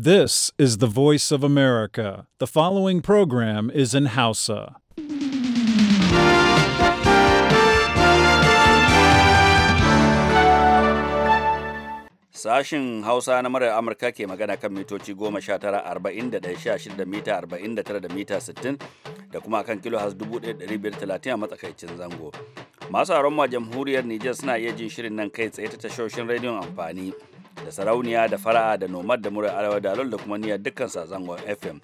This is the voice of America. The following program is in Hausa. Sashin Hausa na murar Amurka ke magana kan mitoci 19,41,16 da mita 49 da mita 60 da kuma kan kilo 1,530 a matsakaicin zango. Masu haron jamhuriyar Nijar suna iya jin shirin nan kai tsaye ta tashoshin rediyon amfani. da sarauniya da fara'a da nomad da murar arewa da da kuma niyyar dukkan zangon fm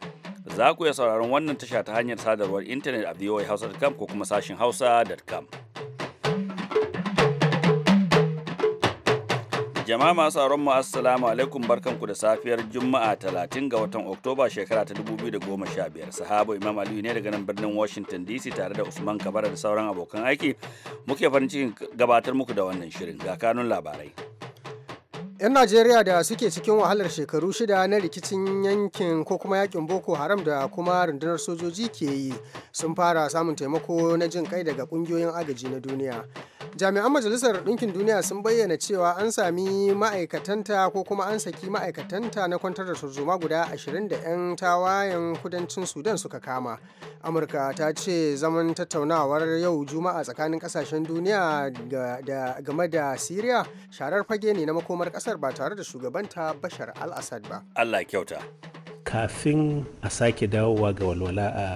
za ku iya sauraron wannan tasha ta hanyar sadarwar intanet a voahausa.com ko kuma sashin hausa.com jama'a masu sauran mu assalamu alaikum barkanku da safiyar juma'a 30 ga watan oktoba shekara ta 2015 sahabo imam aliyu ne daga nan birnin washington dc tare da usman kabara da sauran abokan aiki muke farin cikin gabatar muku da wannan shirin ga kanun labarai 'Yan Najeriya da suke cikin wahalar shekaru shida na rikicin yankin ko kuma yakin Boko Haram da kuma rundunar sojoji ke yi sun fara samun taimako na jin kai daga kungiyoyin agaji na duniya. jami'an majalisar ɗinkin duniya sun bayyana cewa an sami ma'aikatanta ko kuma an saki ma'aikatanta na kwantar da tarzoma guda 20 da 'yan tawayen kudancin sudan suka kama amurka ta ce zaman tattaunawar yau juma'a tsakanin kasashen duniya game da syria sharar fage ne na makomar kasar ba tare da shugabanta bashar al-assad ba allah kyauta kafin a sake dawowa ga walwala a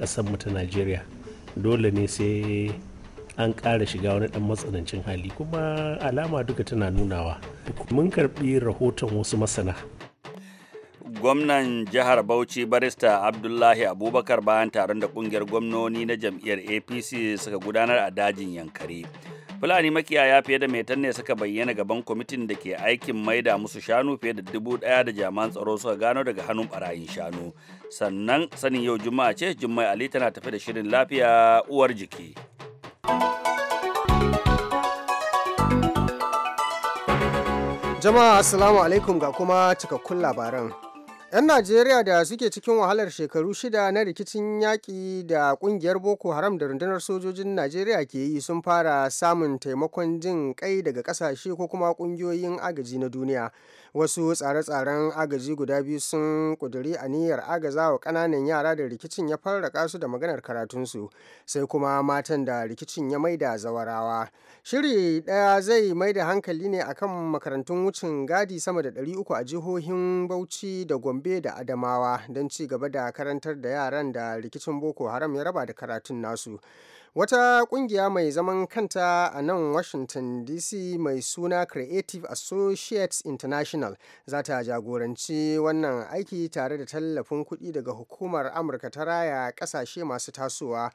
ƙasarmu ta najeriya dole ne sai an ƙara shiga wani ɗan matsanancin hali kuma alama duka tana nunawa mun karɓi rahoton wasu masana gwamnan jihar bauchi barista abdullahi abubakar bayan taron da ƙungiyar gwamnoni na jam'iyyar apc suka gudanar a dajin yankari fulani makiyaya fiye da metan ne suka bayyana gaban kwamitin da ke aikin maida musu shanu fiye da dubu daya da jaman tsaro suka gano daga hannun barayin shanu sannan sanin yau juma'a ce jummai ali tana tafi da shirin lafiya uwar jiki Jama'a Assalamu alaikum ga kuma cikakkun labaran. 'Yan Najeriya da suke cikin wahalar shekaru shida na rikicin yaƙi da ƙungiyar Boko Haram da rundunar sojojin Najeriya ke yi sun fara samun taimakon jin ƙai daga ƙasashe ko kuma ƙungiyoyin agaji na duniya. wasu tsare-tsaren agaji guda biyu sun ƙuduri aniyar wa ƙananan yara da rikicin ya farraka su da maganar karatunsu sai kuma matan da rikicin ya maida zawarawa shiri daya zai maida hankali ne akan makarantun wucin gadi sama da 300 a jihohin bauchi da gombe da adamawa don ci gaba da karantar da yaran da rikicin boko haram ya raba da karatun nasu Wata kungiya mai zaman kanta a nan Washington DC mai suna Creative Associates International za ta jagoranci wannan aiki tare da tallafin kuɗi daga hukumar Amurka ta raya ƙasashe masu tasowa.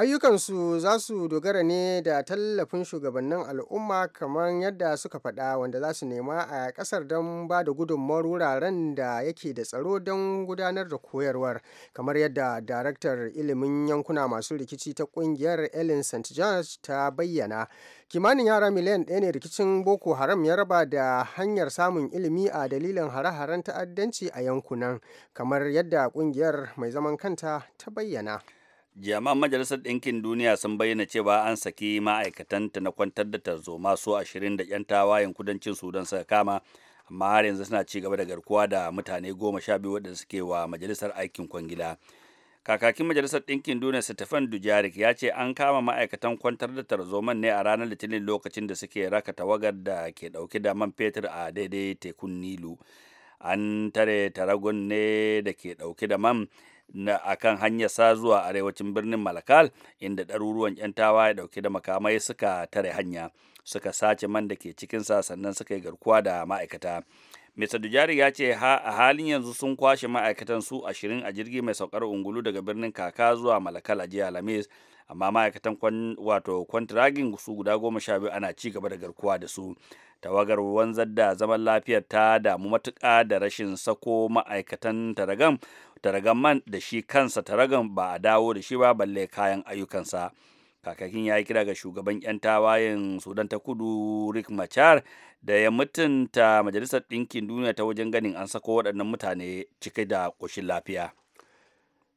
ayyukansu za su dogara ne da tallafin shugabannin al'umma kamar yadda suka faɗa wanda za su nema a ƙasar don ba da gudunmawar wuraren da yake da tsaro don gudanar da koyarwar kamar yadda daraktar ilimin yankuna masu rikici ta ƙungiyar ellen st george ta bayyana kimanin yara miliyan ɗaya ne rikicin boko haram ya raba da hanyar samun ilimi a dalilin hare-haren ta'addanci a yankunan kamar yadda ƙungiyar mai zaman kanta ta bayyana. jami'an majalisar ɗinkin duniya sun bayyana cewa an saki ma'aikatanta na kwantar da tarzoma su ashirin da 'yan tawayen kudancin sudan suka kama amma har yanzu suna ci gaba da garkuwa da mutane goma sha biyu waɗanda suke wa majalisar aikin kwangila kakakin majalisar ɗinkin duniya stefan dujarik ya ce an kama ma'aikatan kwantar da tarzoman ne a ranar litinin lokacin da suke raka tawagar da ke ɗauke da man fetur a daidai tekun nilu an tare taragun ne da ke ɗauke da man na akan hanyar sa zuwa arewacin birnin Malakal inda ɗaruruwan 'yan ya ɗauki da makamai suka tare hanya suka sace man da ke cikinsa sannan suka yi garkuwa da ma'aikata. Mr. Dujari ya ce ha a halin yanzu sun kwashe ma'aikatan su ashirin a jirgi mai saukar ungulu daga birnin Kaka zuwa Malakal a jiya Lamis amma ma'aikatan wato kwantiragin su guda goma sha biyu ana ci gaba da garkuwa da su tawagar wanzar da zaman lafiyar ta damu matuƙa da rashin sako ma'aikatan taragan taragan man da shi kansa taragan ba a dawo da shi ba balle kayan ayyukansa kakakin ya yi kira ga shugaban 'yan tawayen sudan ta kudu rick machar da ya mutunta majalisar ɗinkin duniya ta wajen ganin an sako waɗannan mutane cike da ƙoshin lafiya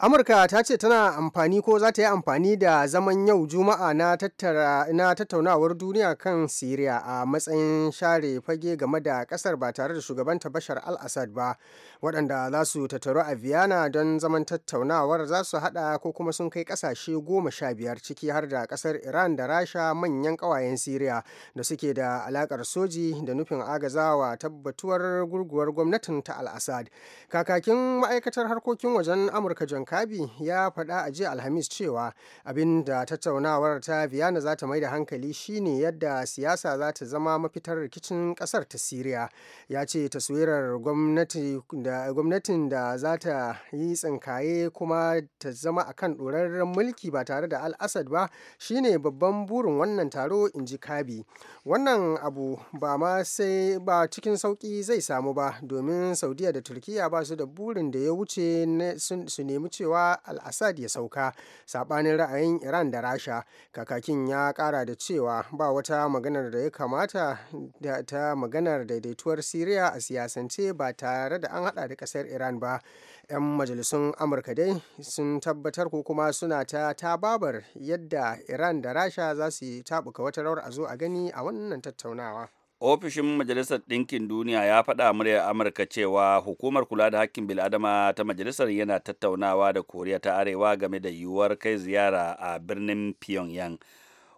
amurka ta ce tana amfani ko za ta yi amfani da zaman yau juma'a na tattaunawar duniya kan siriya a matsayin share fage game da kasar ba tare da shugabanta bashar al-assad ba waɗanda za su tattaru a vienna don zaman tattaunawar za su hada ko kuma sun kai ƙasashe goma sha biyar ciki har da ƙasar iran da rasha manyan ƙawayen siriya da suke da alaƙar soji da nufin agazawa tabbatuwar gurguwar gwamnatin ta al-assad kakakin ma'aikatar harkokin wajen amurka john Kabi ya faɗa a jiya Alhamis cewa abinda tattaunawar ta Vienna za ta mai da hankali shine yadda siyasa za ta zama mafitar rikicin ƙasar ta Siriya. Ya ce taswirar gwamnatin da za ta yi tsinkaye kuma ta zama a kan ɗorarren mulki ba tare da Al-Assad ba shine babban burin wannan taro in ji Kabi. Wannan abu ba ma sai ba cikin sauƙi zai samu ba domin Saudiya da Turkiya ba su da burin da ya wuce su nemi cewa al-assad ya sauka sabanin ra'ayin iran da rasha kakakin ya kara da cewa ba wata maganar da ya kamata da ta maganar daidaituwar syria a siyasance ba tare da an hada da kasar iran ba 'yan majalisun amurka dai sun tabbatar ko kuma suna ta tababar yadda iran da rasha za su tabuka wata rawar a zo a gani a wannan tattaunawa ofishin majalisar ɗinkin duniya ya faɗa muryar amurka cewa hukumar kula da hakkin bil'adama ta majalisar yana tattaunawa da koriya ta arewa game da yiwuwar kai ziyara a birnin pyongyang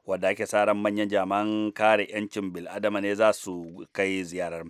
wadda ake saran manyan jaman kare 'yancin bil'adama ne za su kai ziyarar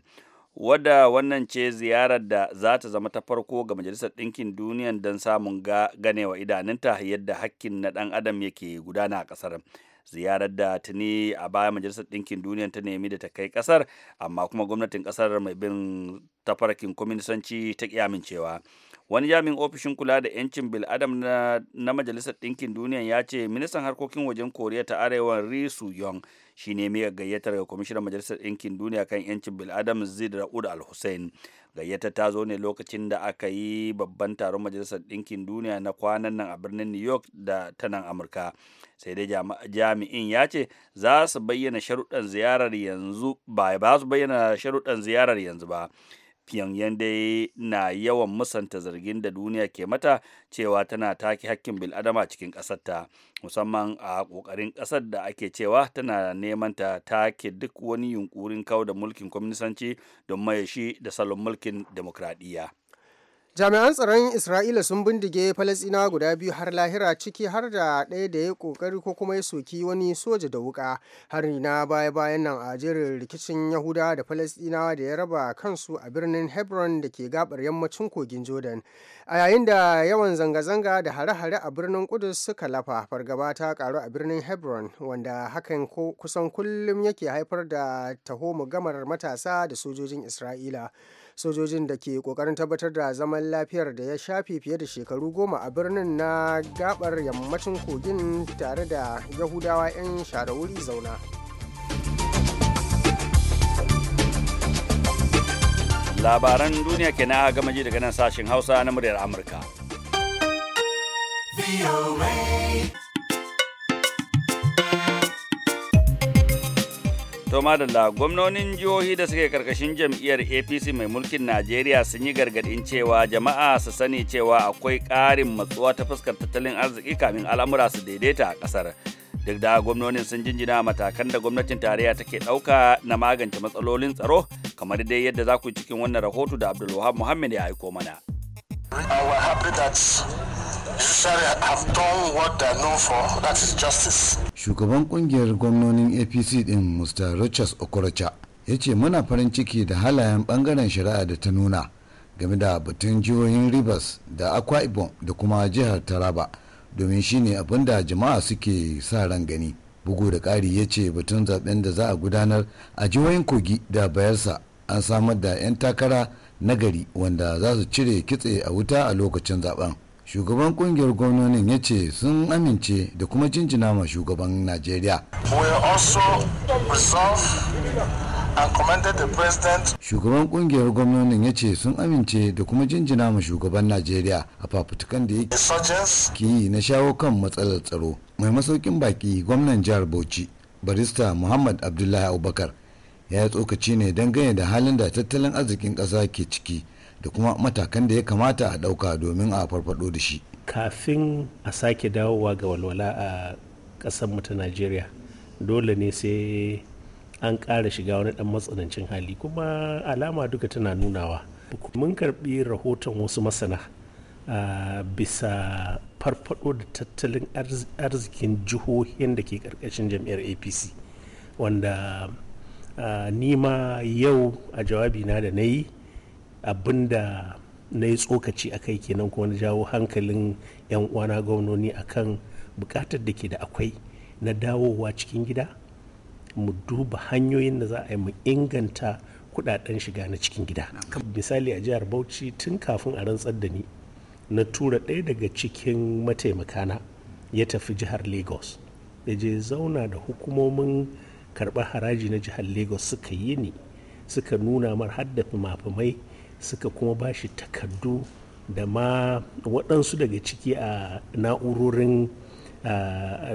wadda wannan ce ziyarar da za ta zama ta farko ga majalisar ɗinkin duniya don samun ganewa idanunta yadda hakkin na ɗan adam yake gudana a ƙasar ziyarar da tuni a baya majalisar ɗinkin duniya ta nemi da ta kai ƙasar amma kuma gwamnatin ƙasar mai bin tafarkin kwaminisanci ta amincewa wani jami'in ofishin kula da 'yancin bil'adam na, na majalisar ɗinkin duniya ya ce ministan harkokin wajen koriya ta arewa ri su yong shi ne miyar gayyatar ga kwamishinan majalisar ɗinkin duniya kan 'yancin bil'adam zid ra'ud al-hussein gayyata ta zo ne lokacin da aka yi babban taron majalisar ɗinkin duniya na kwanan nan a birnin new york da ta nan amurka sai dai jami'in ya ce za su bayyana sharuɗan ziyarar yanzu ba su bayyana sharuɗan ziyarar yanzu ba Pyongyang dai na yawan musanta zargin da duniya ke mata cewa tana take hakkin bil'adama cikin ƙasarta musamman a ƙoƙarin ƙasar da ake cewa tana neman ta take duk wani yunkurin kawo da mulkin kwamnisanci don maye da salon mulkin demokradiyya. jami'an tsaron isra'ila sun bindige falasina guda biyu har lahira ciki har da ɗaya da ya ƙoƙari ko kuma ya soki wani soja da wuƙa hari na baya bayan nan a jerin rikicin yahuda da falasina da ya raba kansu a birnin hebron da ke gabar yammacin kogin jordan a yayin da yawan zanga-zanga da hare-hare a birnin kudus suka lafa fargaba ta karu a birnin hebron wanda hakan kusan kullum yake haifar da taho gamar matasa da sojojin isra'ila sojojin da ke kokarin tabbatar da zaman lafiyar da ya shafe fiye da shekaru goma a birnin na gabar yammacin kogin tare da yahudawa 'yan share wuri zauna labaran duniya ke na gama ji daga nan sashen hausa na muryar amurka To madalla gwamnonin jihohi da suke karkashin jam'iyyar APC mai mulkin Najeriya sun yi gargadin cewa jama'a su sani cewa akwai ƙarin matsuwa ta fuskar tattalin arziki kamin al'amura su daidaita a ƙasar. Duk da gwamnonin sun jinjina matakan da gwamnatin tarayya take ɗauka na magance matsalolin tsaro kamar dai yadda za ku cikin wannan rahoto da Abdulwahab Muhammad ya aiko mana. I was happy that judiciary have done what they're known for, that is justice. Shugaban kungiyar gwamnonin APC din Mr. Richards Okorocha ya ce muna farin ciki da halayen bangaren shari'a da ta nuna game da batun jihohin Rivers da Akwa Ibom da kuma jihar Taraba domin shine abin da jama'a suke sa ran gani. Bugu da ƙari ya ce batun zaɓen da za a gudanar a jihohin Kogi da Bayelsa an samar da 'yan takara na gari wanda za su cire kitse a wuta a lokacin zaben shugaban kungiyar gwamnonin ya ce sun amince da kuma jinjina ma shugaban najeriya shugaban kungiyar gwamnonin ya ce sun amince da kuma jinjina ma shugaban najeriya a fafutukan da yake yi na shawo kan matsalar tsaro mai masaukin baki gwamnan jihar bauchi barista muhammad abdullahi abubakar ya yi tsokaci ne dangane da halin da tattalin arzikin ƙasa ke ciki da kuma matakan da ya kamata a ɗauka domin a farfaɗo da shi kafin a sake dawowa ga walwala a ƙasarmu ta najeriya dole ne sai an ƙara shiga wani ɗan matsanancin hali kuma alama duka tana nunawa mun karɓi rahoton wasu masana a bisa farfaɗo da tattalin arzikin jihohin da ke ƙarƙashin jam'iyyar apc wanda Ah, nima yau a jawabi na da na yi abinda na yi tsokaci a kai kenan kuma na jawo hankalin 'yan uwana gwamnoni akan bukatar da ke da akwai na dawowa cikin gida mu duba hanyoyin da za a yi mu inganta kudaden shiga na cikin gida misali a jihar bauchi tun kafin a rantsar da ni na tura ɗaya daga cikin mataimakana ya tafi jihar lagos ya je zauna da hukumomin karɓar haraji na jihar lagos suka yi ne suka nuna mar hadda fimafimai suka kuma ba shi takardu da ma waɗansu daga ciki a na'urorin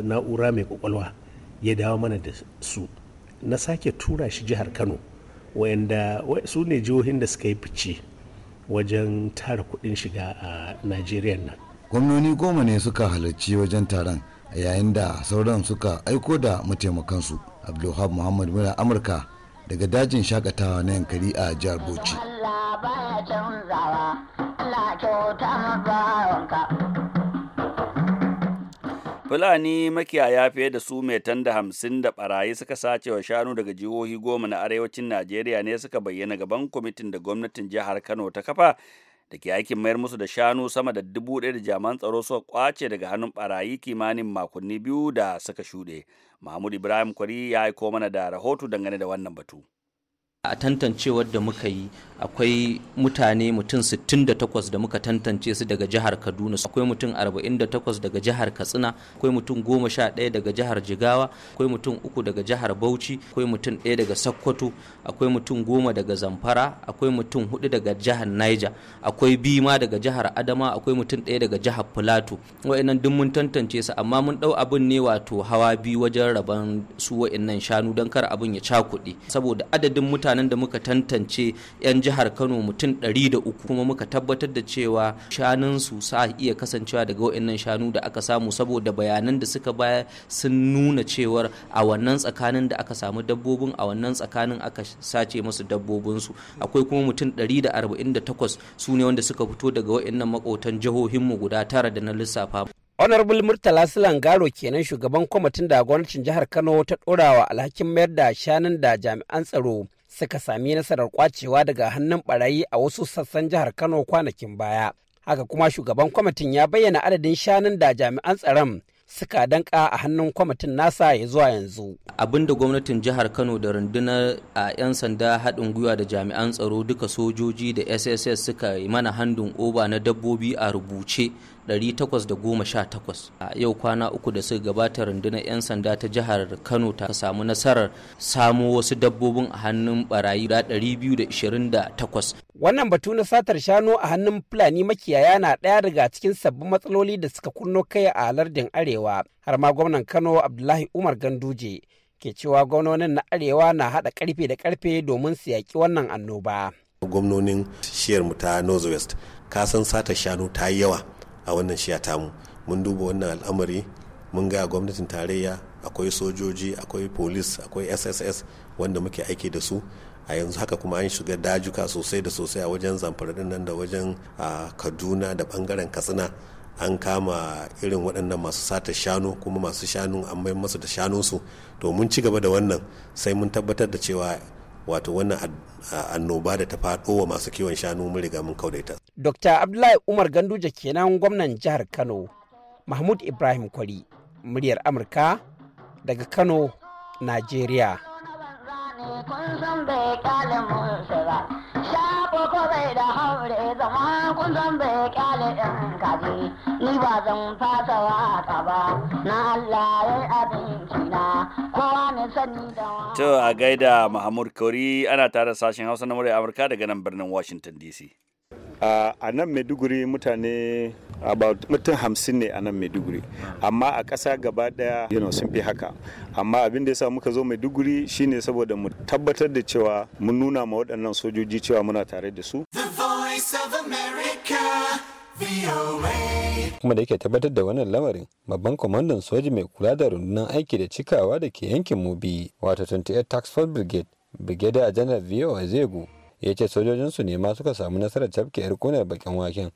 na'ura mai kwakwalwa ya dawo mana da su na sake tura shi jihar kano wayanda su ne jihohin da suka yi fice wajen tara kudin shiga a nigeria nan gwamnoni goma ne suka halarci wajen taron yayin da sauran suka aiko da mataimakansu abdulhab muhammad muna amurka daga dajin shakatawa na yankari a jihar bauchi Fulani makiyaya fiye da su mai tanda hamsin da barayi suka sace wa shanu daga jihohi goma na arewacin Najeriya ne suka bayyana gaban kwamitin da gwamnatin jihar Kano ta kafa da ke aikin mayar musu da shanu sama da dubu ɗaya da jaman tsaro suka kwace daga hannun ɓarayi kimanin makonni biyu da suka shuɗe mahmud ibrahim kwari ya aiko mana da rahoto dangane da wannan batu a tantancewar da muka yi akwai mutane mutum 68 da muka tantance su daga jihar kaduna akwai mutum 48 daga jihar katsina akwai mutum 11 daga jihar jigawa akwai mutum 3 daga jihar bauchi akwai mutum 1 daga sokoto akwai mutum 10 daga zamfara akwai mutum 4 daga jihar niger akwai bima daga jihar adama akwai mutum 1 daga jihar plateau wa'annan duk mun tantance su amma mun dau abin ne wato hawa biyu wajen raban su wa'annan shanu don kar abin ya cakuɗe saboda adadin mutane mutanen da muka tantance 'yan jihar kano mutum 300 kuma muka tabbatar da cewa shanunsu sa iya kasancewa daga wa'annan shanu da aka samu saboda bayanan da suka baya sun nuna cewar a wannan tsakanin da aka samu dabbobin a wannan tsakanin aka sace musu dabbobinsu akwai kuma mutum 148 su ne wanda suka fito daga wa'annan makotan jihohinmu guda tara da na lissafa honorable murtala garo kenan shugaban kwamitin da gwamnatin jihar kano ta ɗorawa alhakin mayar da shanun da jami'an tsaro suka sami nasarar kwacewa daga hannun barayi a wasu sassan jihar Kano kwanakin baya. Haka kuma shugaban kwamitin ya bayyana adadin shanun da jami'an tsaron suka danka a hannun kwamitin nasa ya zuwa yanzu. Abin da gwamnatin jihar Kano da rundunar a 'yan sanda haɗin gwiwa da jami'an tsaro duka sojoji da SSS suka yi mana handun oba na dabbobi a rubuce 818 a yau kwana uku da suka gabata rundunar 'yan sanda ta jihar kano ta samu nasarar samo wasu dabbobin a hannun barayi da 228 wannan batu na satar shanu a hannun fulani makiyaya na ɗaya daga cikin sabbin matsaloli da suka kunno kai a lardin arewa har ma gwamnan kano abdullahi umar ganduje ke cewa gwamnonin na arewa na haɗa karfe da karfe domin su yaƙi wannan annoba gwamnonin shiyar mu ta northwest kasan satar shanu ta yi yawa a wannan shiya tamu mun duba wannan al'amari mun ga gwamnatin tarayya akwai sojoji akwai polis akwai sss wanda muke aiki da su a yanzu haka kuma an shiga dajuka sosai da sosai a wajen zamfara nan da wajen kaduna da bangaren katsina an kama irin waɗannan masu sata shanu kuma masu shanu an mai masu da shanunsu to mun ci gaba da wannan sai mun tabbatar da cewa wato wannan annoba da ta faɗo wa masu kiwon shanu mun riga mun kaudaita Dr. Abdullahi Umar Ganduje kenan gwamnan jihar Kano, Mahmud Ibrahim Kwari, muryar Amurka daga Kano, Najeriya. Shafa ko bai da haure zama kun zan bai kyale ɗin kaji. ni ba zan fasa waka ba na Allah ya abinci na kowa ne sani da To a gaida Mahamud Kauri ana tare sashen Hausa na murya Amurka daga nan birnin Washington DC. a nan maiduguri mutane about mutum hamsin ne a nan maiduguri amma a ƙasa gaba ɗaya you know, sun fi haka amma abin da ya sa muka zo maiduguri shine saboda mu tabbatar da cewa mun nuna ma waɗannan sojoji cewa muna tare da su The Voice of America kuma da yake tabbatar da wannan lamarin babban kwamandan soji mai kula da rundunar aiki da cikawa da ke yankin mubi wato 28 tax force brigade a janar general a zego ya ce sojojinsu ne ma suka samu nasarar cafke yar kunar bakin waken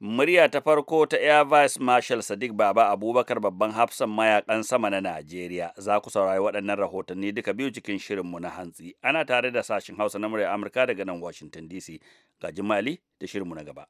murya ta farko ta air vice marshal sadiq baba abubakar babban hafsan mayakan sama na najeriya za ku saurari waɗannan rahotanni duka biyu cikin shirin mu na hantsi ana tare da sashen hausa na murya amurka daga nan washington dc ga jimali da mu na gaba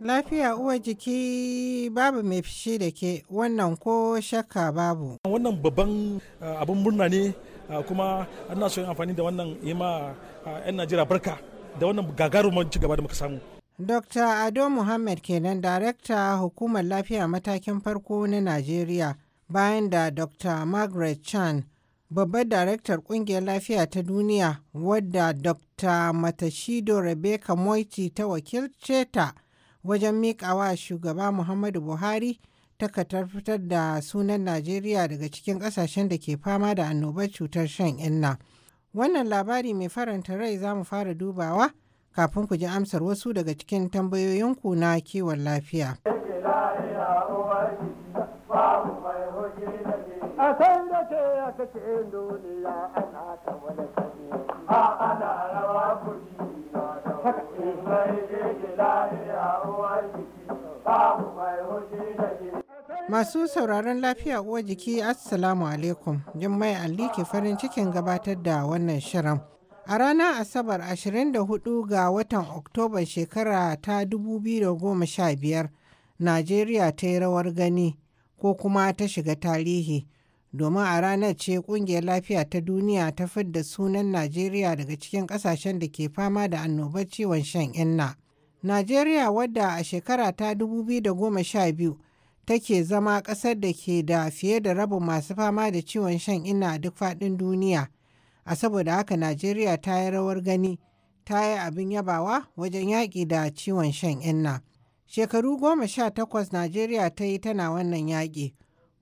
Lafiya uwa jiki babu mai fishi da ke wannan ko shakka babu. Wannan babban eh, abin murna ne eh, kuma ana so yin amfani da wannan ima 'yan eh, Najeriya barka da wannan gagarumin ci gaba da muka samu. Dr. Ado Muhammad kenan Darekta Hukumar Lafiya Matakin Farko na Najeriya bayan da Dr. Margaret Chan babbar daraktar kungiyar lafiya ta duniya wadda dr matashido rebecca moiti ta wakilce ta wajen mikawa shugaba muhammadu buhari takatar fitar da sunan najeriya daga cikin ƙasashen da ke fama da annobar cutar shan inna wannan labari mai faranta rai za mu fara dubawa kafin ku ji amsar wasu daga cikin tambayoyinku na kiwon lafiya. Masu sauraron lafiya uwa jiki Assalamu alaikum Jummai Ali ke farin cikin gabatar da wannan shirin. A ranar Asabar 24 ga watan Oktoba shekara ta 2015, Najeriya ta yi rawar gani ko kuma ta shiga tarihi domin a ranar ce kungiyar lafiya ta duniya ta fidda sunan najeriya daga cikin kasashen da ke fama da annobar ciwon shan inna najeriya wadda a shekara ta 2012 take zama kasar da ke da fiye da rabin masu fama da ciwon shan inna a duk faɗin duniya a saboda haka najeriya ta yi rawar gani ta yi abin yabawa wajen yaƙi da ciwon shan inna shekaru goma sha takwas najeriya ta yi tana wannan yaƙi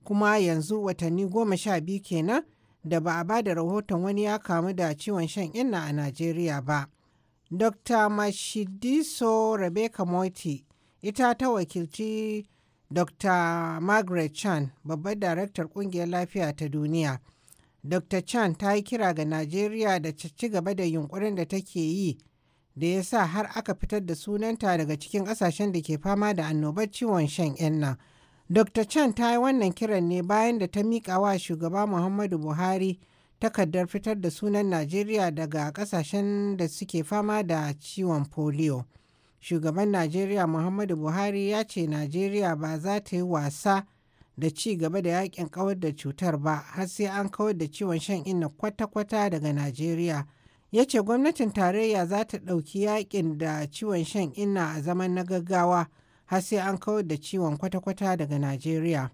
kuma yanzu watanni goma sha biyu kenan da ba a ba da rahoton wani ya kamu da ciwon shan inna a Najeriya ba. Dr. Mashidiso Rebecca Moiti ita ta wakilci Dr. Margaret Chan, babbar daraktar kungiyar lafiya ta duniya. Dr. Chan ta yi kira ga Najeriya da ci gaba da yunkurin da take yi da ya sa har aka fitar da sunanta daga cikin ƙasashen da ke fama da annobar ciwon shan inna. Dr. Chan ta yi wannan kiran ne bayan da ta miƙa wa shugaba Muhammadu Buhari takardar fitar da sunan Najeriya daga ƙasashen da suke fama da ciwon polio. Shugaban Najeriya Muhammadu Buhari ya ce Najeriya ba za ta yi wasa da ci gaba da yakin kawar da cutar ba har sai an kawar da ciwon shan inna kwata-kwata daga Najeriya. Ya ce gwamnatin tarayya za ta ɗauki yakin da ciwon shan inna a zaman na gaggawa. har sai an kawar da ciwon kwata-kwata daga Najeriya.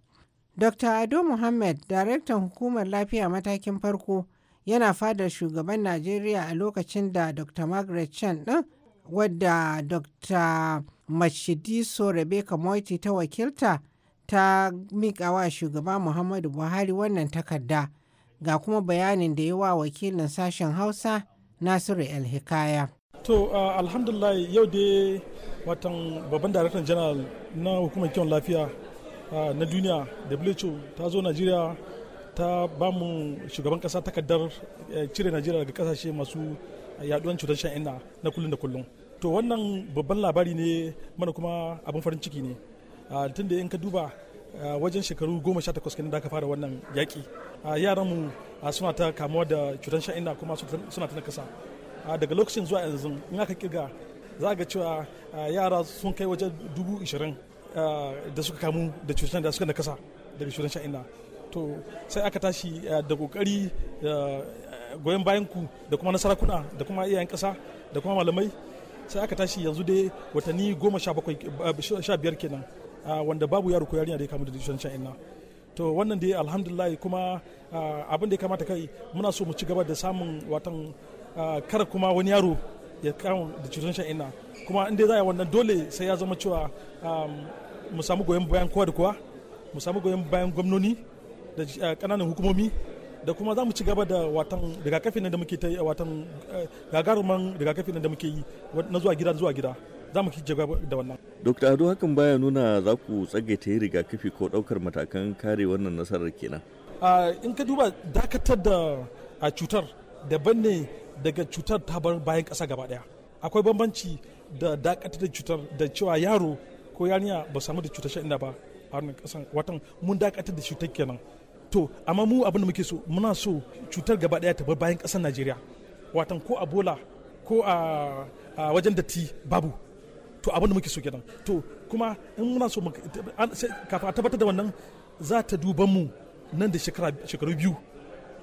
Dr. Ado Muhammad, daraktan hukumar lafiya matakin farko, yana fadar shugaban Najeriya a lokacin da Dr. Margaret Chan ɗin, wadda Dr. Matshidiso Rebecca Moiti ta wakilta ta miƙawa shugaba Muhammadu Buhari wannan takarda. Ga kuma bayanin da yi wa wakilin sashen Hausa Nasiru El Hikaya. To uh, alhamdulillah yau dai watan babban daraktan janar na hukumar kiwon lafiya uh, na duniya WHO ta zo Najeriya ta ba mu shugaban kasa takardar eh, cire Najeriya daga kasashe masu yaduwan cutar shan inna na kullum da kullum. To wannan babban labari ne mana kuma abin farin ciki ne. Ah, Tun da in ka duba wajen shekaru goma sha takwas kenan da aka fara wannan yaƙi. Yaranmu suna ta kamuwa da cutar shan kuma suna ta nakasa. daga lokacin zuwa yanzu in aka kirga za ga cewa yara sun kai waje dubu ishirin da suka kamu da cutar da suka nakasa daga cutar sha'ina to sai aka tashi da kokari goyon bayan ku da kuma na da kuma iyayen kasa da kuma malamai sai aka tashi yanzu dai watanni goma sha biyar kenan wanda babu yaro ko yarinya da ya kamu da cutar sha'ina to wannan dai alhamdulillah kuma abin da ya kamata kai muna so mu ci gaba da samun watan Ah, kar kuma wani yaro ya kama da cutar shan inna kuma inda za a wannan dole sai ya zama cewa um, mu samu goyon bayan kowa da kowa mu samu goyon bayan gwamnoni da kananan ah, hukumomi da kuma za mu ci gaba da watan nan da muke ta yi ah, watan eh, gagaruman nan da muke yi na zuwa gida zuwa gida za mu ci gaba da wannan. Dokta Ado hakan baya nuna za ku tsagaita yi rigakafi ko ɗaukar matakan kare wannan nasarar kenan. in ka duba dakatar da cutar daban ne daga cutar ta bar bayan ƙasa gaba ɗaya akwai bambanci da dakatar da cutar da cewa yaro ko yarinya ba samu da cutar shan ba a wannan ƙasan watan mun dakatar da cutar kenan to amma mu abin da muke so muna so cutar gaba ɗaya ta bar bayan ƙasar najeriya watan ko a bola ko a wajen datti babu to abin da muke so kenan to kuma in muna so kafin a tabbatar da wannan za ta duban mu nan da shekaru biyu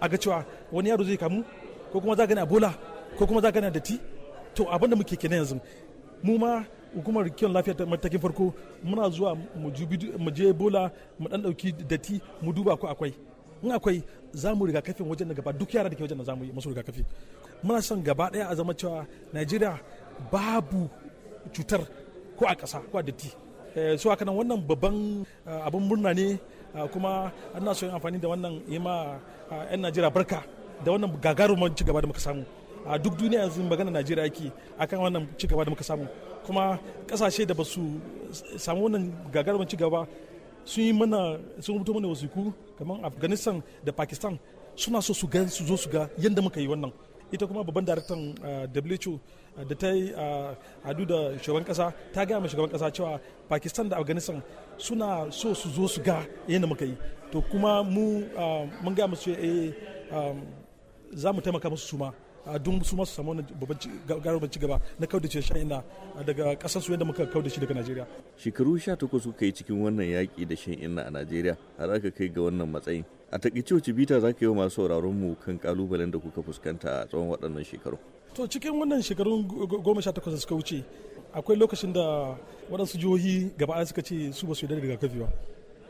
a ga cewa wani yaro zai kamu ko kuma za ka gani a bola ko kuma za ka gani a datti to abin da muke kenan yanzu mu ma hukumar kiwon lafiya ta matakin farko muna zuwa mu je bola mu dan dauki datti mu duba ko akwai in akwai za mu rigakafin wajen da gaba duk yara da ke wajen da za mu yi masu rigakafi muna son gaba daya a zama cewa najeriya babu cutar ko a ƙasa ko a datti eh, so haka nan wannan babban eh, abin murna ne eh, kuma ana so yin amfani da wannan yi ma 'yan najeriya barka da wannan gagarumar ci gaba da muka samu a duk duniya yanzu magana najeriya ake akan wannan ci gaba da muka samu kuma kasashe da ba su samu wannan gagarumar ci gaba sun yi mana sun rubuto mana wasiku kamar afghanistan da pakistan suna so su ga su zo su ga yadda muka yi wannan ita kuma babban daraktan who da ta yi a duda shugaban kasa ta gaya ma shugaban kasa cewa pakistan da afghanistan suna so su zo su ga yadda muka yi to kuma mu mun gaya musu eh za mu taimaka musu suma a dun su masu samu babban ci gaba na kaudace shan ina daga kasar su yadda muka kaudace daga Najeriya. Shekaru 18 kuka yi cikin wannan yaƙi da shan inna a Najeriya har aka kai ga wannan matsayin. A takaice wace bita za ka yi wa masu sauraron mu kan kalubalen da kuka fuskanta a tsawon waɗannan shekaru. To cikin wannan shekarun goma sha takwas da suka wuce akwai lokacin da waɗansu jihohi gaba suka ce su ba su yi da rigakafi ba.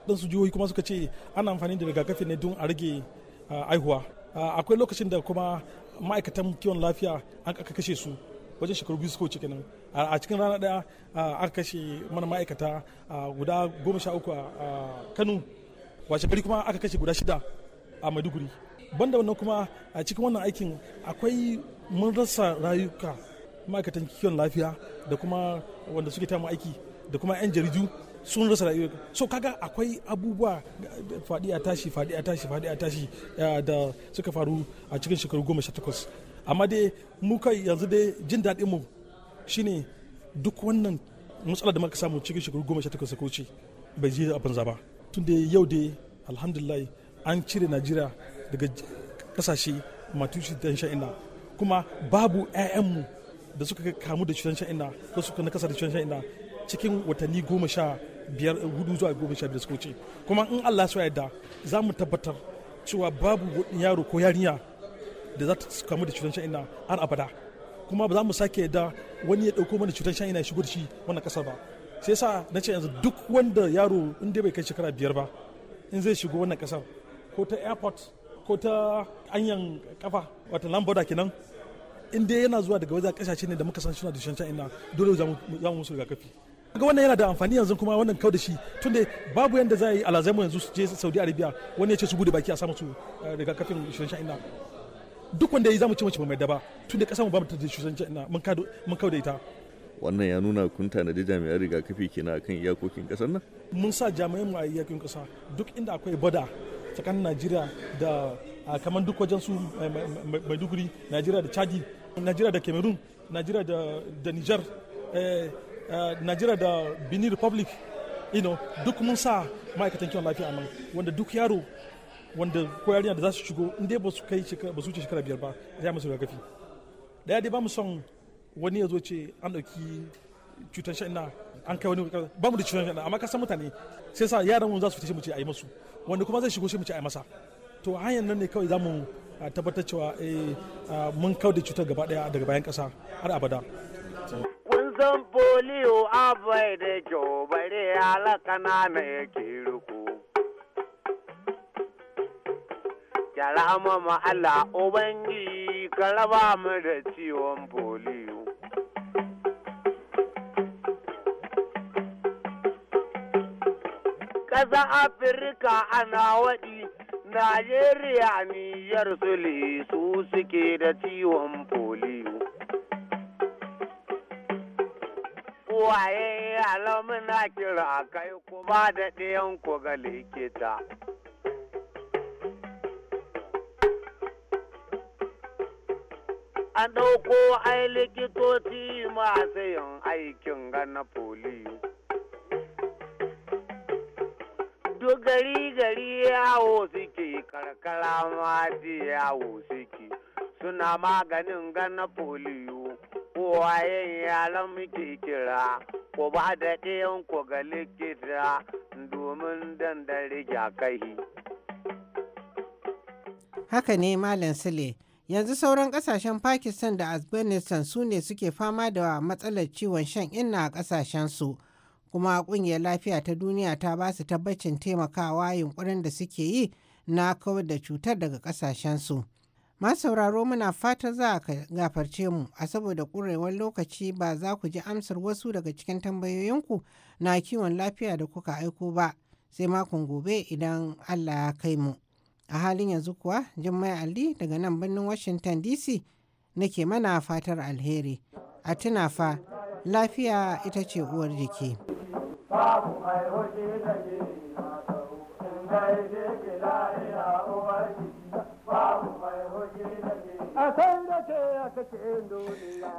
Waɗansu jihohi kuma suka ce ana amfani da rigakafi ne don a rage aihuwa Ah, akwai lokacin da kuma ma'aikatan kiwon lafiya an aka kashe su wajen shekaru biyu suka kenan ah, a cikin rana daya ah, aka kashe mana ma'aikata guda goma sha uku a kano washe gari kuma aka kashe guda shida a maiduguri banda wannan kuma a cikin wannan aikin akwai mun rasa rayuka ma'aikatan kiwon lafiya da kuma wanda suke tamu aiki da kuma 'yan jaridu sun rasa rayuwa so kaga akwai abubuwa faɗi a tashi faɗi a tashi faɗi a tashi eh, da suka faru a cikin shekaru goma sha takwas amma dai mu kai yanzu dai jin daɗinmu. shine duk wannan matsala da muka samu cikin shekaru goma sha takwas wuce bai je a banza ba tun da yau dai alhamdulillah an cire najeriya daga kasashe masu cutar sha'ina kuma babu 'ya'yanmu da suka kamu da cutar sha'ina ko suka na kasa da cutar sha'ina cikin watanni goma sha biyar hudu zuwa goma sha biyar suka kuma in allah su yarda za mu tabbatar cewa babu yaro ko yarinya da za ta kamu da cutar sha'ina har abada kuma ba za mu sake yarda wani ya dauko mana cutar sha'ina ya shigo da shi wannan kasar ba sai sa na ce yanzu duk wanda yaro in dai bai kai shekara biyar ba in zai shigo wannan kasar ko ta airport ko ta anyan kafa wata lamboda kenan in dai yana zuwa daga wajen kasashe ne da muka san suna da shan ina dole za mu musu rigakafi ga wannan yana da amfani yanzu kuma wannan kau da shi tun da babu yanda za a yi mu yanzu su je saudi arabia wani ya ce su bude baki a samu su eh, kafin shirin sha'ina duk wanda ya yi zamu ci mace mai daba da kasa mu ba ta da shirin sha'ina mun kau da ita wannan ya nuna kun tanadi jami'an rigakafi kenan akan iyakokin kasar nan mun sa jami'an mu a iyakokin kasa duk inda akwai bada tsakanin najeriya da kamar duk wajen su eh, maiduguri najeriya da chadi najeriya da cameroon najeriya da niger eh, Eh, Najeriya da Benin Republic you know, duk mun sa ma'aikatan kiwon lafiya nan wanda duk yaro wanda ko yarinya da za su shigo in dai ba su kai ba su wuce shekara biyar ba za musu rigakafi daya dai ba mu son wani ya zo ce an dauki cutar sha'ina an kai wani ba mu da cutar sha'ina amma ka san mutane sai sa yaran mu za su fita mu ce ayi yi musu wanda kuma zai shigo shi mu ce ayi masa to hanyar nan ne kawai za mu tabbatar cewa eh, mun kau da cutar gaba daya daga bayan ƙasa har abada. zan foliyo abai da kyau bare alaka na na yake ruku. Yara mama Allah Ubangiji ka raba mu da ciwon foliyo. Ƙasa Afirka ana waɗi, Najeriya niyar su su suke da ciwon foliyo. waye alamuna kira kai ku ba da ɗayan ku likita. An ɗauko ai likitoci masu yin aikin gana foliyo. Duk gari gari yawo suke karkara ma yawo suke suna maganin gana foliyo. waye yaran muke kira ku ba da ku ga likita domin dandare kai Haka ne Malam Sule, yanzu sauran ƙasashen Pakistan da Afghanistan su ne suke fama da matsalar ciwon shan inna a ƙasashensu. Kuma ƙungiyar lafiya ta duniya ta ba su tabbacin taimakawa yunkurin da suke yi na kawar da cutar daga su. Ma sauraro muna fata za a gafarce mu a saboda ƙurewar lokaci ba za ku ji amsar wasu daga cikin tambayoyinku na kiwon lafiya da kuka aiko ba sai makon gobe idan Allah ya kai mu. A halin yanzu kuwa Jummai Ali daga nan birnin Washington DC nake mana fatar alheri. A tuna fa lafiya ita ce uwar jiki. Babu mai da ke na uwar jiki.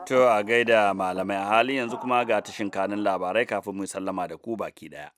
To a gaida malamai a halin yanzu kuma ga tashin kanin labarai kafin mu sallama da ku baki daya.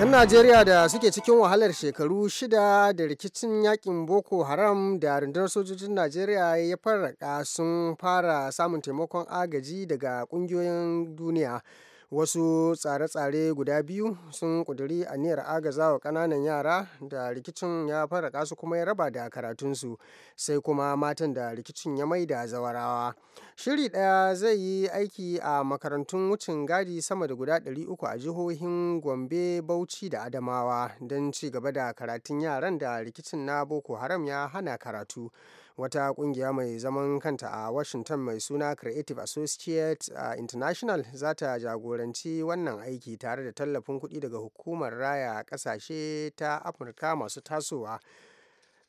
‘Yan Najeriya da suke cikin wahalar shekaru shida da rikicin yakin Boko Haram da rundunar sojojin Najeriya ya farraka sun fara samun taimakon agaji daga ƙungiyoyin duniya. wasu tsare-tsare guda biyu sun ƙuduri aniyar wa ƙananan yara da rikicin ya faraka su kuma ya raba da karatunsu sai kuma matan da rikicin ya mai da zawarawa shiri ɗaya zai yi aiki a makarantun wucin gadi sama da guda 300 a jihohin gombe bauchi da adamawa don ci gaba da karatun yaran da rikicin na boko haram ya hana karatu wata kungiya mai zaman kanta a washington mai suna creative associates uh, international za ta jagoranci wannan aiki tare da tallafin kuɗi daga hukumar raya ƙasashe ta afirka masu tasowa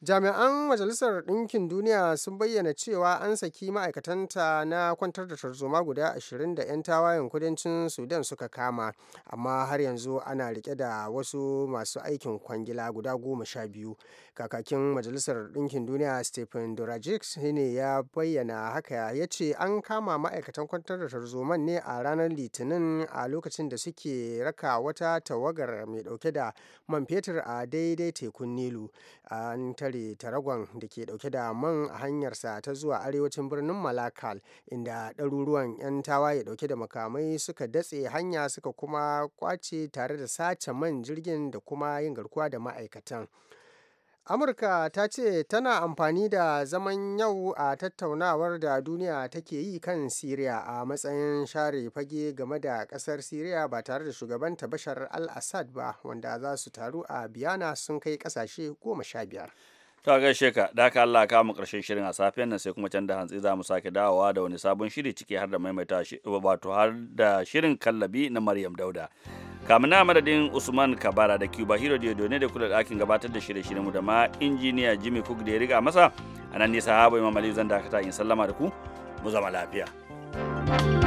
Jami'an Majalisar Ɗinkin Duniya sun bayyana cewa an saki ma'aikatanta na kwantar da tarzoma guda 20 da 'yan tawayen kudancin Sudan suka kama, amma har yanzu ana rike da wasu masu aikin kwangila guda goma sha biyu. Kakakin Majalisar Ɗinkin Duniya Stephen Durajik ne ya bayyana haka ya ce an kama ma'aikatan kwantar da tarzoman ne a ranar Litinin a lokacin da suke raka wata tawagar mai ɗauke da man fetur a daidai tekun Nilu. An tare taragon da ke dauke da man a hanyarsa ta zuwa arewacin birnin malakal inda ɗaruruwan 'yan tawaye dauke da makamai suka datse hanya suka kuma kwace tare da sace man jirgin da kuma yin garkuwa da ma'aikatan amurka ta ce tana amfani da zaman yau a tattaunawar da duniya take yi kan siriya a matsayin share fage game da kasar siriya ba tare da shugabanta bashar al-assad ba wanda za su taru a biyana sun kai kasashe goma sha biyar ta gaishe ka da ka Allah ka mu karshen shirin a safiyan nan sai kuma can da hantsi za mu sake dawowa da wani sabon shiri ciki har da maimaita wato har da shirin kallabi na Maryam Dauda kamin na madadin Usman Kabara da Cuba Hero Dio ne da kula da gabatar da shirye-shiryen mu da ma injiniya Jimmy Cook da ya riga masa anan ne sahaba Imam Ali zan dakata in sallama da ku mu zama lafiya thank you